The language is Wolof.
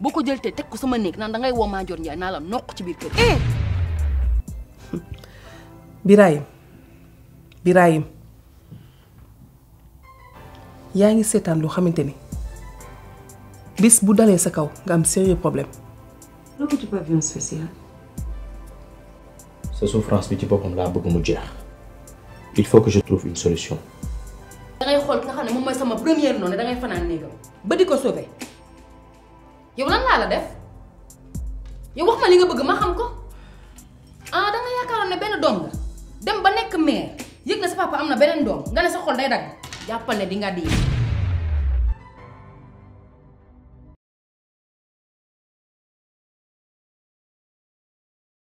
boo ko jël teg ko sama néeg naan dangay woo Madior Ndiaye naa la nokk ci biir kër gi. Eh! Birahim yaa ngi seetaan loo xamante ni bis bu dalee sa kaw nga am sérieux problème. loolu ci pavillon spécial. sa souffrance bi ci boppam laa bëgg mu jeex. il faut que je trouve une solution. dangay xool nga xam ne moom mooy sama première noonu dangay fanaan néegam ba di ko sauver. yow lan laa la def yow wax ma li nga bëgg ma xam ko ah da nga yaakaaroon ne benn doom nga dem ba nekk mère yëg na sa papa am na beneen doom nga ne sa xol day dagg jàppal ne di nga di